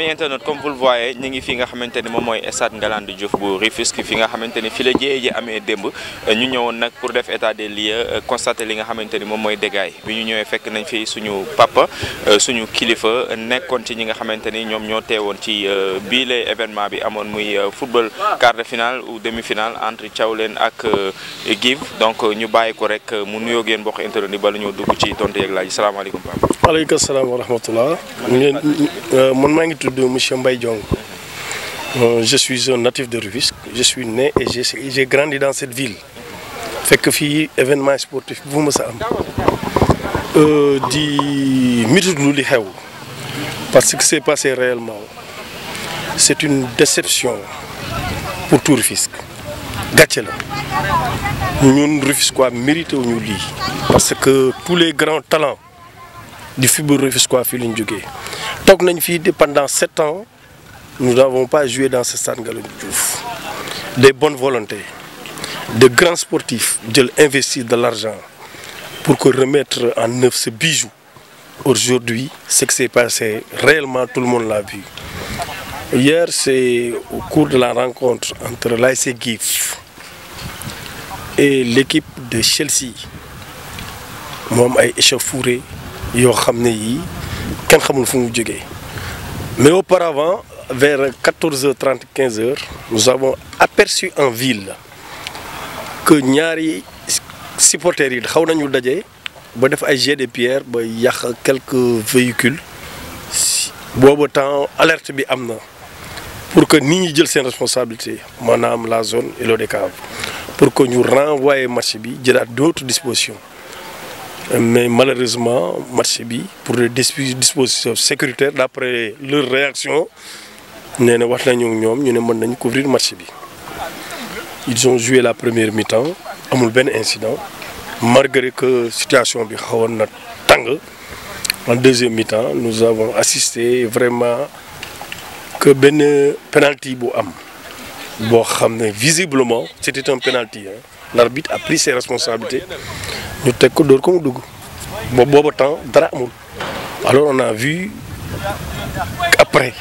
ami internet comme vous le voyez ñi ngi fi nga xamante ni moom mooy stade Ngalandou Diouf bu Rufisque fi nga xamante ni fi la e amee démb ñu ñëwoon nag pour def état des lieux euh, constater li nga xamante moom mooy dégâts bi ñu ñëwee fekk nañ fi suñu papa euh, suñu kilifa nekkoon ci ñi nga xamante ni ñoom ñoo teewoon ci euh, bii lay événement bi amoon muy football quart de finale ou demi-finale entre Thiawlène ak Guive donc ñu bàyyi ko rek mu nuyoo yéen mbokk internet yi bala ñoo dugg ci tontu yeeg laaj salaamaaleykum tudd monsieur Mbaye Diong euh, je suis un natif de Rufisque je suis né et j'ai grandi dans cette ville fekk fii événement sportif bu ma sa am euh, di mitutlu li xew parce que c'est passé réellement c'est une déception pour tout Rufisque gàcce la ñun Rufisquois mérité wu ñu lii parce que tous les grands talents du football Rufisquois fii lañ jógee toog nañu fii pendant sept ans nous n'avons pas joué dans ce stade Ngalandou Diouf des bonnes volontés de grands sportifs jël investir de l'argent pour que remettre en œuvre ce bijou aujourd'hui ce qui s'est passé réellement tout le monde l'a vu hier c'est au cours de la rencontre entre l'ASC Guif et l'équipe de Chelsea moom ay échauffourées yoo xam ne yii kenn xamul fu mu jógee mais auparavant vers 14h30 15h nous avons aperçu en ville que ñaari supporters yi xaw nañu daje ba def ay jet de ba yàq quelque véhicules booba temps alerte bi am na pour que nit ñi jël seen responsabilité maanaam la zone et l'ODCAV pour que ñu renvoyer marché bi jël jëlaat d'autres dispositions mais malheureusement match bi pour des dispositions sécuritaires d'après leur réaction nee na wax nañu ñoom ñu ne mën nañ couvrir match bi ils ont joué la première mi amul benn incident malgré que situation bi xawoon na tàng en deuxième mi-temps nous avons assisté vraiment que benn penalty bu am boo xam ne visiblement c'était un penalty l'arbitre a pris ses responsabilités ñu teg ko dóor ko mu dugg ba booba temps dara amul alors on a vu après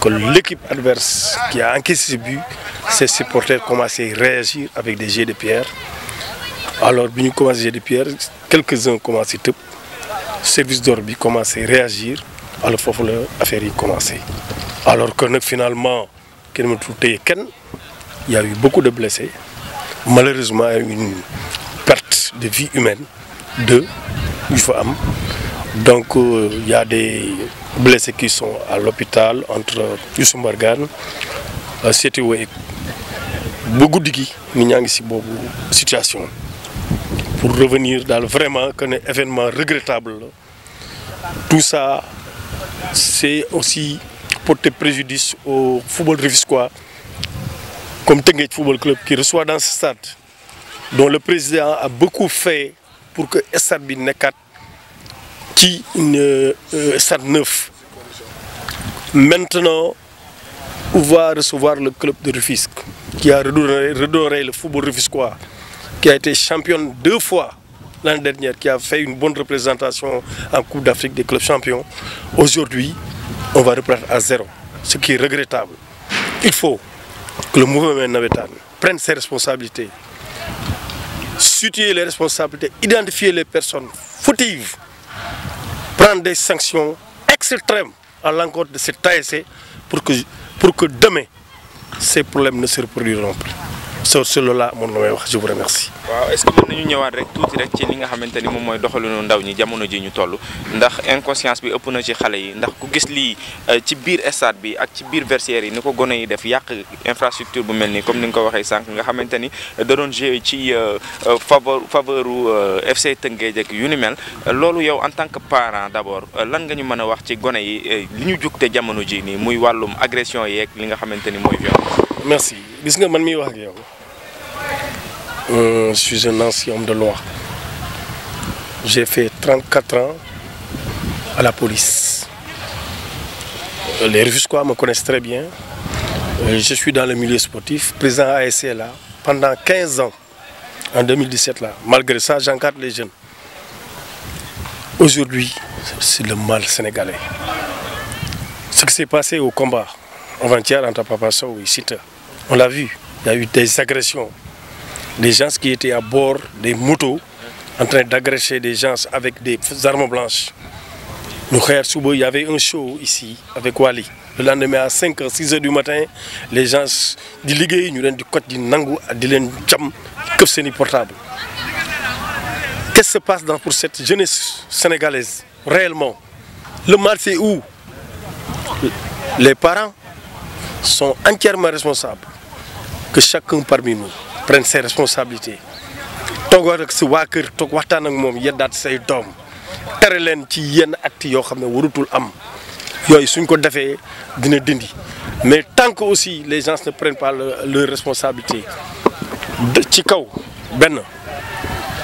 que l'équipe adverse qui a encaissé ce but ses supporters commençaient à réagir avec des jets de pierre alors bi ñu commencé jets de pierre quelques-uns commencé tëb service d'ordre bi commencé réagir alors foofu la affaire yi commencé alors que nag finalement kenn mënatul kenn y a eu beaucoup de blessés malheureusement une perte de vie humaine de yu fa am donc euh, il y a des blessés qui sont à l'hôpital entre Youssou Mbargane CTO euh, et bu guddi gi nit ñaa ngi si boobu situation pour revenir daal vraiment que ne événement regrettable la tout ça c'est aussi porter préjudice au football rufisquois comme Tenguet Football Club qui reçoit dans ce stade, dont le président a beaucoup fait pour que stade bi nekkaat ci euh, stade neuf maintenant on va recevoir le club de Rufisque qui a redoré, redoré le football rufisquois qui a été championne deux fois l'année dernière qui a fait une bonne représentation en Coupe d'Afrique des clubs champions aujourd'hui on va reprendre à zéro ce qui est regrettable il faut que le mouvement navétane prenne ses responsabilités, situer les responsabilités, identifier les personnes fautives, prendre des sanctions extrêmes à l'encontre de cet ASC pour que, pour que demain, ces problèmes ne se reproduiront plus. so si loolu laa amoon lu may wax je vous remercie. waaw est-ce que mën nañu ñëwaat rek tuuti rek ci li nga xamante ni moom mooy doxalinu ndaw ñi jamono ji ñu toll ndax inconscience bi ëpp na ci xale yi ndax ku gis lii euh, ci biir stade bi ak ci biir vestiaire yi ni ko gone yi def yàq infrastructure bu mel nii comme ni nga ko waxee sànq nga xamante ni da doon joué ci euh, euh, faveur faveuru FC Tëngéej ak yu ni mel loolu yow en tant que parent d'abord lan nga ñu mën a wax ci gone yi li ñu jug te jamono ji nii muy wàllum agression yeeg li nga xamante ni mooy merci gis nga man miy wax ak yow. Euh, je suis un ancien homme de loi. J'ai fait 34 ans à la police. Euh, les Rufusquois me connaissent très bien. Euh, je suis dans le milieu sportif, président ASC là, pendant 15 ans, en 2017 là. Malgré ça, j'encadre les jeunes. Aujourd'hui, c'est le mal sénégalais. Ce qui s'est passé au combat, avant-hier, entre Papa Sow et Sita, on l'a vu, il y a eu des agressions des gens qui étaient à bord des motos en train d'agresser des gens avec des armes blanches. Nous, il y avait un show ici avec Wali. Le lendemain à 5h, du matin, les gens du Ligue, nous di côté du Nangu, que c'est portable. Qu'est-ce qui se passe dans, pour cette jeunesse sénégalaise, réellement Le marché c'est où Les parents sont entièrement responsables que chacun parmi nous prenne ses responsabilité toogoon ak si waa kër toog waxtaan ak moom yeddaat say doom tere leen ci yenn actes yoo xam ne wuratul am yooyu suñ ko defee dina dindi mais tant que aussi les gens ne prennent pas leur responsabilité ci kaw benn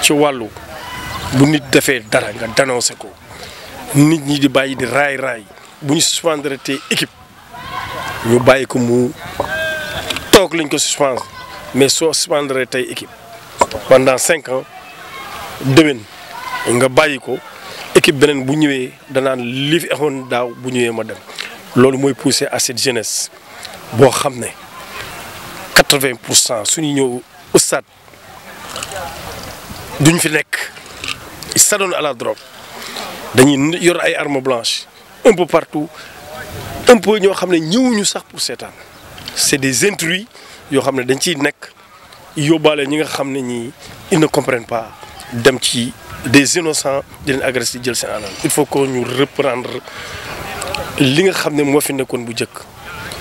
ci wàllu bu nit defee dara nga dénoncé ko nit ñi di bàyyi di raay raay bu ñu suspendre te équipe ñu bàyyi ko mu toog lañ ko suspendre mais soo suspendre tey équipe pendant cinq ans déwén nga bàyyi ko équipe beneen bu ñëwee danaa li fi amoon daaw bu ñëwee ma dem loolu mooy pousser à cette jeunesse boo xam ne quatre-vingt pour cent suñu ñëw au stade duñ fi nekk ils s'adonnent à la drop dañuy yor ay armes blanches un peu partout un peu ñoo xam ne ñëwuñu sax pour seetaan c'est des intrus yoo xam ne dañ ciy nekk yóbbaale ñi nga xam ne ñii ils ne comprennent pas dem ci des innocents di leen agressé jël seen alal il faut que ñu reprendre li nga xam ne moo fi nekkoon bu njëkk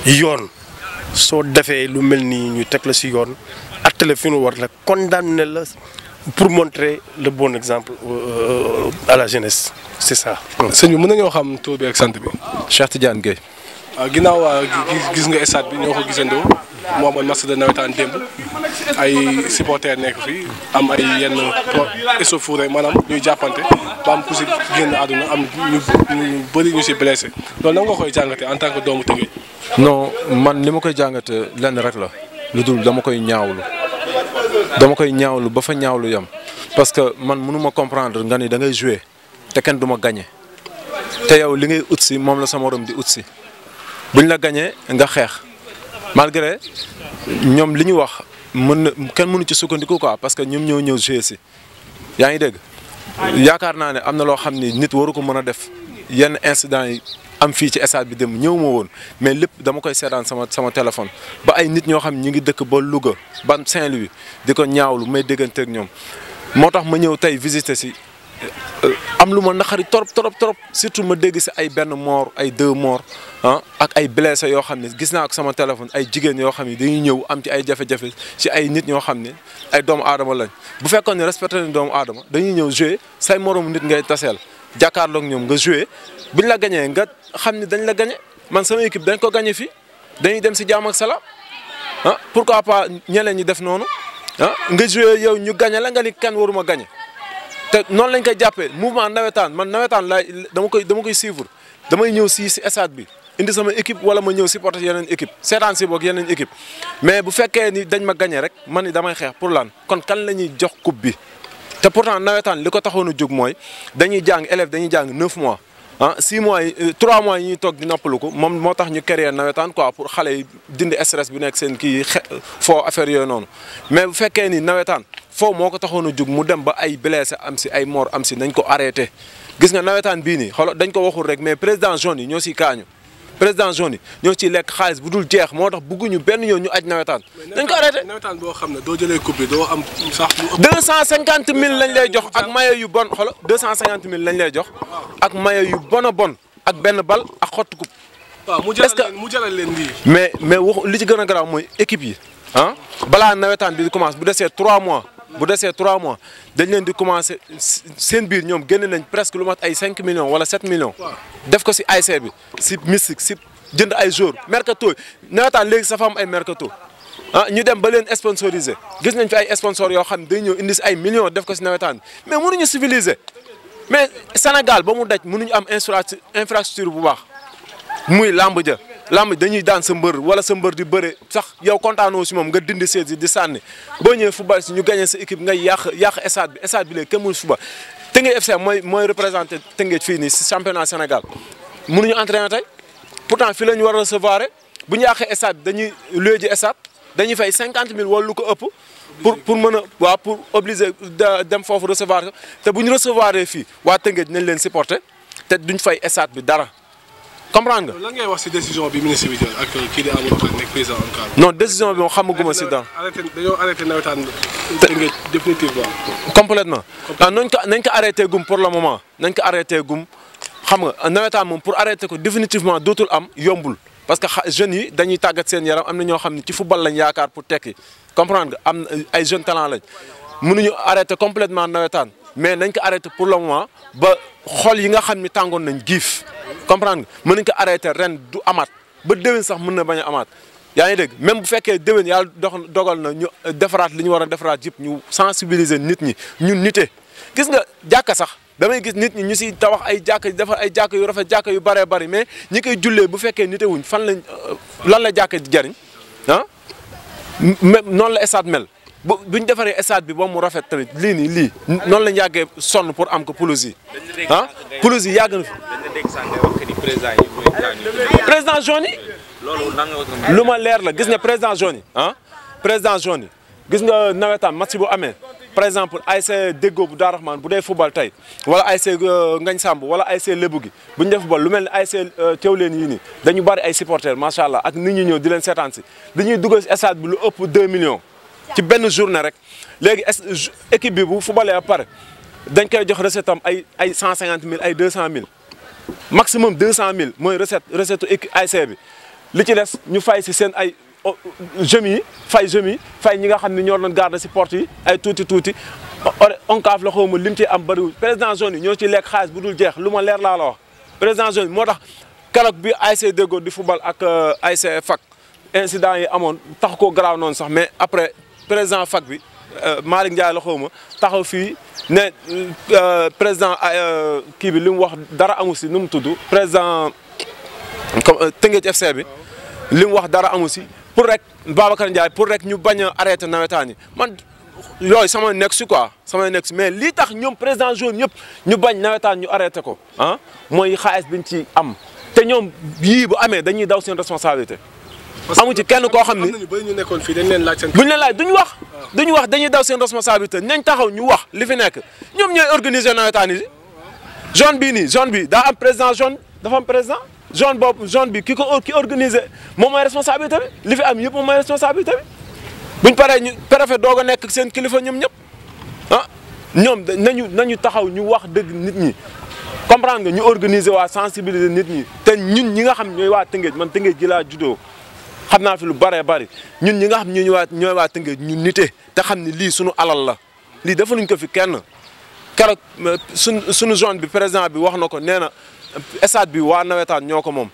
yoon soo defee lu mel nii ñu teg la si yoon atte fi nu war la condamné la pour montrer le bon exemple euh, euh, à la jeunesse c'est ça. sëñ bi mën nañoo xam tur bi ak sant bi. Cheikh Tidiane Gueye. Ah, ginnaaw euh, gis nga stade bi ñoo moom amoon match de nawetaan démb ay supporters nekk fi am ay yenn pro échauffourée maanaam ñuy jàppante ba am ku si génn àdduna am ñu ñu bëri ñu si blessé loolu nan koy jàngate en tant que doomu Tëngéej. non man li ma koy jàngate lenn rek la lu dul dama koy ñaawlu dama koy ñaawlu ba fa ñaawlu yam parce que man mënuma comprendre nga ni da ngay jouer te kenn du ma gagné te yow li ngay ut si moom la sama morom di ut si buñ la gañee nga xeex. malgré ñoom li ñu wax mën na kenn mënu ci sukkandiku quoi parce que ñoom ñoo ñëw joué si yaa ngi dégg yaakaar naa ne am na loo xam ni nit waru ko mën a def yenn incident yi am fii ci stade bi dem ñëw ma woon mais lépp dama koy seetaan sama sama téléphone ba ay nit ñoo xam ne ñu ngi dëkk ba Louga ba Saint-Louis di ko ñaawlu may déggante ak ñoom moo tax ma ñëw tey visiter si euh, am lu ma naxari trop trop trop surtout ma dégg si ay benn mort ay deux morts ah ak ay blessé yoo xam ne gis naa ko sama téléphone ay jigéen yoo xam ne dañuy ñëw am ci ay jafe-jafe nit ñoo xam ne ay doomu aadama lañ bu fekkoon ne respecté aadama dañuy ñëw jouer say moroomu nit ngay taseel jàkkaarlook ñoom nga jouer buñ la gañee nga xam ne dañ la gañe man sama équipe dañ ko gañe fi dañuy dem si jaam ak salaam ah pourquoi pas ñeneen ñi def noonu ah nga jouer yow ñu gañe la nga ni kan waruma gañe te noonu lañ koy jàppee mouvement nawetaan man nawetaan laay dama koy dama koy suivre damay ñëw si si stade bi indi sama équipe wala ma ñëw supporter yeneen équipe seetaan si boog yeneen équipe mais bu fekkee ni dañ ma gagné rek man ni damay xeex pour lan kon kan la ñuy jox coupe bi te pourtant nawetaan li ko taxoon a jóg mooy dañuy jàng élèves dañuy jàng neuf mois. ah six mois euh, trois mois yi ñuy toog di noppalu ko moom moo tax ñu créer nawetaan quoi pour xale yi dindi stress bi nekk seen ki foo affaire yooyu noonu mais bu fekkee ni nawetaan foo moo ko taxoon a jug mu dem ba ay blessé am si ay mort am si nañ ko arrêté gis nga nawetaan bii nii xoolal dañ ko waxul rek mais président zone yi ñoo si kaañu. président zone yi ñoo ciy lekk xaalis bu dul jeex moo tax bëgguñu benn yoon ñu aj nawetaan. dañ ko arrêté nawetaan boo xam ne doo jëlee coupe bi doo am sax. mille lañ lay jox ak maillot yu bon xolo deux cent cinquante mille jox ak maillot yu bon a bon ak benn bal ak xottu coupe. waaw mu jaral leen mu jaral leen lii. mais mais wax li ci gën a garaaw mooy équipe yi ah balaa nawetaan bi di commence bu desee trois mois. bu desee 3 mois dañ leen di commencé seen biir ñoom génne nañ presque lu mat ay cinq millions wala 7 millions. def ko si ay bi si mystique si jënd ay jour mercato nawetaan léegi sa ay mercato ah ñu dem ba leen sponsorisé gis nañ fi ay sponsor yoo xam day ñëw indi si ay millions def ko si nawetaan mais mënuñu civiliser mais Sénégal ba mu daj mënuñu am infrastructure bu baax muy làmb ja lamb dañuy daan sa mbër wala sa mbër di bëre sax yow kontaanoo si moom nga dindi seet di sànni boo ñëwee football si ñu gagné sa équipe ngay yàq yàq stade bi stade bi léegi kenn mënu si football Tëngéej FC mooy mooy représenté Tëngéej fii nii si championnat Sénégal mënuñu entraîné tey fii la ñu war a recevoir bu ñu yàqee stade dañuy loué ji dañuy fay cinquante mille wala lu ko ëpp pour pour mën waa waaw pour obliger dem foofu recevoir te bu ñu recevoir fii waa Tëngéej nañ leen supporter te duñ fay stade bi dara comprendre nga. lan ngay wax ci décision bi ministre bi jël ak kii di décision bi moom xamaguma ci dara. arrêté dañoo arrêté nawetaan Tëngéej définitivement. Ah, nañ ko ko arrêté gum pour le moment nañ ko arrêté gum xam nga nawetaan moom pour arrêter ko définitivement dootul am yombul. parce que jeunes yi dañuy tàggat seen yaram am na ñoo xam ne ci football lañ yaakaar pour tekki comprendre nga am ay jeunes talent lañ mënuñu arrêté completement nawetaan mais nañ ko arrêté pour la moment ba xol yi nga xam ni tàngoon nañ giif. comprendre nga mën nañ ko arrêter ren du amaat ba déwén sax mun na bañ amaat yaa ngi dégg même bu fekkee déwén yàlla dogal na ñu euh, defaraat li ñu war a defaraat yëpp ñu sensibiliser nit ñi ñu nite gis nga jàkka sax damay gis nit ñi ñu si tabax ay jàkka defar ay jàkka yu rafet jàkka yu bëree bëri mais ñi koy jullee bu fekkee nite wuñ fan lañ euh, lan la jàkka jariñ ah noonu la estaat mel bu bu ñu defaree stade bi ba mu rafet tamit lii nii lii noonu la ñu yàggee sonn pour am ko pelouse yi. ah pelouse yi yàgg na fi. président jaune lu ma leer la gis nga président jaune yi ah président jaune yi gis nga nawetaan match bu amee par exemple ay ASC déggoo bu Daaru Rahman bu dee football tey wala ay ASC euh, Ngañ Samb wala ASC Lébu gi bu ñu def football lu mel ne ASC euh, Thiawlène yii ni dañu bari ay supporters macha allah ak nit ñi ñëw di leen seetaan si dañuy dugal si stade bi lu ëpp 2 millions. ci benn journée rek léegi équipe bi bu footballee ba pare dañ koy jox recette am ay ay cent cinquante mille ay deux cent mille maximum deux cent mille mooy recette recette équipe ASC bi li ci des ñu fay si seen ay jeunes yi fay jeunes fay ñi nga xam ne ñoo doon garde si porte yi ay tuuti tuuti onkaaf la xaw ma lim ci am bëriwul président zone yi ñoo ci lekk xaalis bu dul jeex lu ma leer laa la wax président zone yi moo tax keroog bi ASC Deggo di football ak euh, ASC FAC incident yi amoon tax ko garaaw noonu sax mais après président fac bi euh, Malick Ndiaye la xaw ma taxaw fii ne euh, président euh, kii bi li mu wax dara amu si nu mu tudd président comme Tëngéej FC bi li mu wax dara amu si pour rek Babacar Ndiaye pour rek ñu bañ a arrêté nawetaan man yooyu sama nekk si quoi sama nekk si mais lii tax ñoom président jour ñëpp ñu bañ nawetaan ñu arrêté ko ah mooy xaalis biñ ci am te ñoom yii bu amee dañuy daw seen responsabilité amu ci kenn koo xam ni buñ leen laaj duñ wax ah. duñ wax dañuy daw seen responsabilité nañ taxaw ñu wax li fi nekk ñoom ñooy organiser nawetaan yi zone bii nii zone bi daa am président zone dafa am président zone boobu zone bi ki ko ki organiser moom mooy responsabilité bi li fi am yëpp moom mooy bi buñ paree ñu préfet doog a nekk seen kilifa ñoom ñëpp ah ñoom nañu nañu taxaw ñu wax dëgg nit ñi comprendre nga ñu organiser waa sensibiliser nit ñi te ñun ñi nga xam ñooy waa Tëngéej man Tëngéej ji laa juddoo xam naa fi lu bëree bëri ñun ñi nga xam ñu waa ñooy waa Tëngéej ñu nite te xam ni lii suñu alal la lii deful defaluñ ko fi kenn keroog suñ euh, suñu zone bi président bi wax na ko nee na stade bi waa nawetaan ñoo ko moom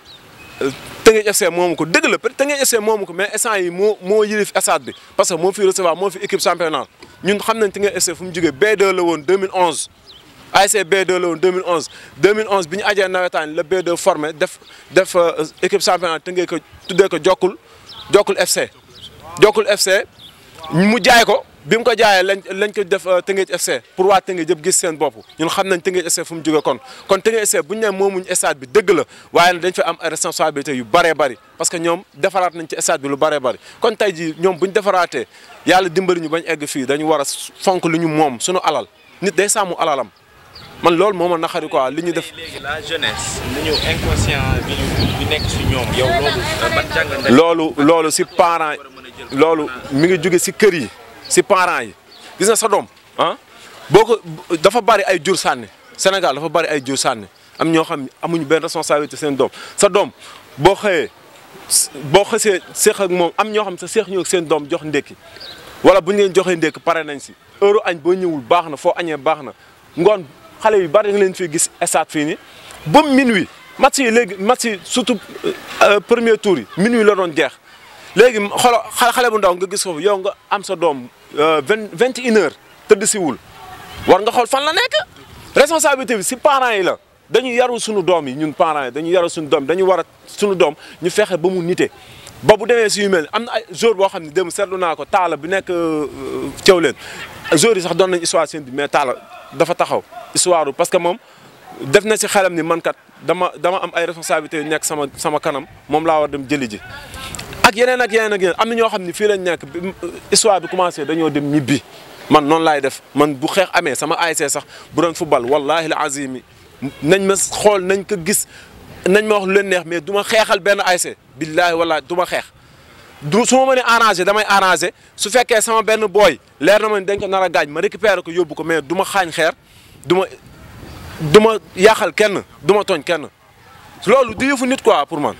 euh, Tëngéej FC moomu ko mais instant yi moo moo yilif stade bi parce moo fi recevoir moo fi équipe championnat ñun xam nañ Tëngéej FC fu mu jógee B2 la woon 2011 ASC B2 la woon 2011 2011 bi ñu ajee nawetaan la B2 formé def def euh, équipe championnat Tëngéej ko tuddee ko jokkul Jokul FC Jokul FC mu jaay ko bi mu ko jaayee lañ lañ ko def euh, Tëngéej FC pour waa Tëngéej yëpp gis seen bopp ñun xam nañ Tëngéej FC fu mu jógee kon kon Tëngéej FC bu ñu nee moomuñ stade bi dëgg la waaye nag dañ fa am responsabilité yu bëree bari parce que ñoom defaraat nañ ci stade bi lu bëree bari kon tey jii ñoom bu ñu defaraatee yàlla dimbali ñu bañ egg fii dañu war a fonk lu ñu moom suñu alal nit day sàmm alalam. man loolu moo a naqari quoi li ñu def. léegi la jeunesse ñu euh, loolu si parents loolu mi ngi jóge si kër yi si parents yi gis na sa doom ah boo ko dafa bari ay jur sànni Sénégal dafa bari ay jur sànni am ñoo xam amuñu benn responsabilité seen doom sa doom boo xëyee boo xasee seex ak moom am ñoo xam sa seex ñoo seen doom jox ndékki wala bu ñu leen joxee ndékki pare nañ si heure añ boo ñëwul baax na foo añee baax na ngoon. xale yu bari nga leen fiy gis stade fii nii ba minuit match yi léegi match yi surtout euh, euh, premier tour yi minuit la doon jeex léegi xolo xale bu ndaw nga gis ko yow nga am sa doom euh, vingt vingt une heure tëdd si wul war nga xool fan la nekk responsabilité bi si parents yi la dañu yarul suñu doom yi ñu parents yi dañu yarul suñu doom dañu war a suñu doom ñu fexe ba mu nite ba bu demee si yu mel am na ay jour boo xam ne dem seetlu naa ko taala bu nekk Thiawlène jour yi sax doon nañ histoire seen bi mais taala dafa taxaw histoire parce que moom def na si xelam ni man kat dama dama am ay responsabilités yu nekk sama sama kanam moom laa war dem jëli ji. ak yeneen ak yeneen ak yeneen am na ñoo xam ne fii lañ nekk histoire bi commencé dañoo dem ñibbi man noonu laay def man bu xeex amee sama ASC sax bu doon football wallahi la azimi nañ ma xool nañ ko gis nañ ma wax lu leen neex mais du ma xeexal benn ASC billaahi wallaahi du ma xeex. du su ma mënee arrangé damay arrangé su fekkee sama benn booy leer na ma ne dañ ko nar a gaañ ma récupéré ko yóbbu ko mais du ma xaañ xeer. duma ma du ma yàqal kenn du ma tooñ kenn loolu di yëfu nit quoi pour man.